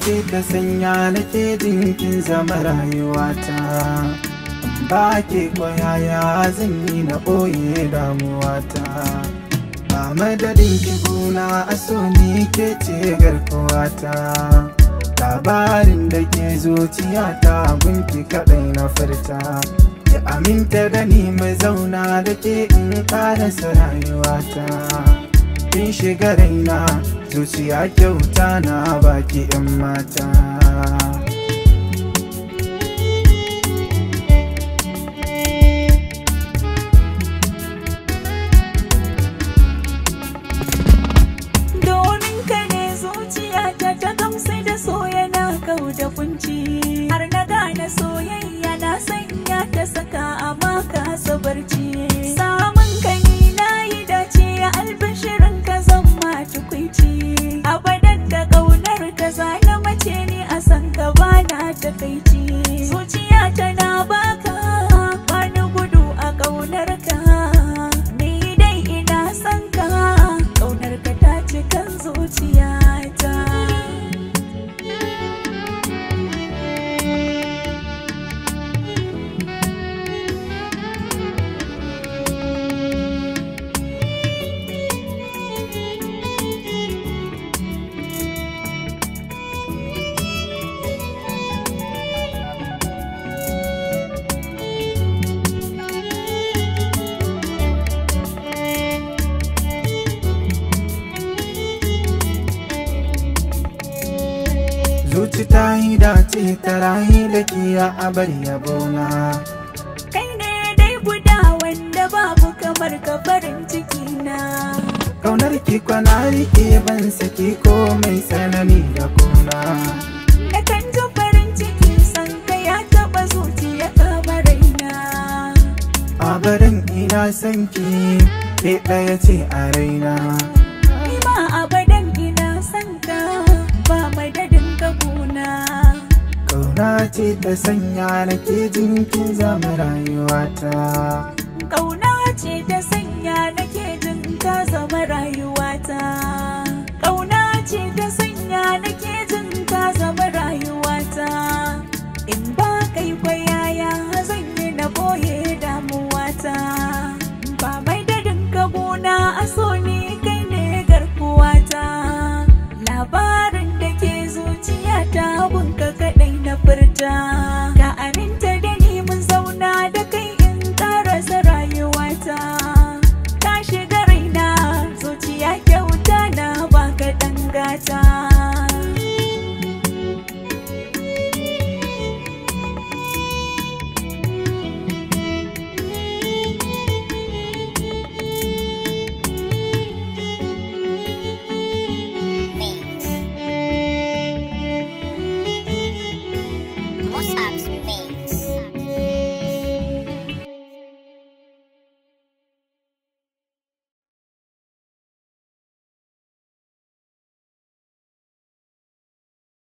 ce ta sanya nake dinkin zama rayuwata ba ke koyaya zan yi na ɓoye damuwata ba madadin ki guna a so ni ke ce garkuwata labarin da ke zuciyata gunki kaɗai na furta ya aminta da ni mai zauna da ke in ƙarasa rayuwata kin shiga raina zuciya kyauta na baki 'yan mata A abadar da ƙaunar ka zalama ce ni a san gaba na ta kai zuci ta yi dace ta rahi da kiya a ya yabona kai ne dai guda wanda babu kamar ka farin ciki na kaunar ki kwana rike ban saki ko mai tsanani da kona. na kan farin ciki san ya taba zuciya ta a barin ina sanki ki ke ɗaya ce a raina ce ta sanya nake jin zama rayuwata ƙauna ce ta sanya nake jin ta zama rayuwata ƙauna ce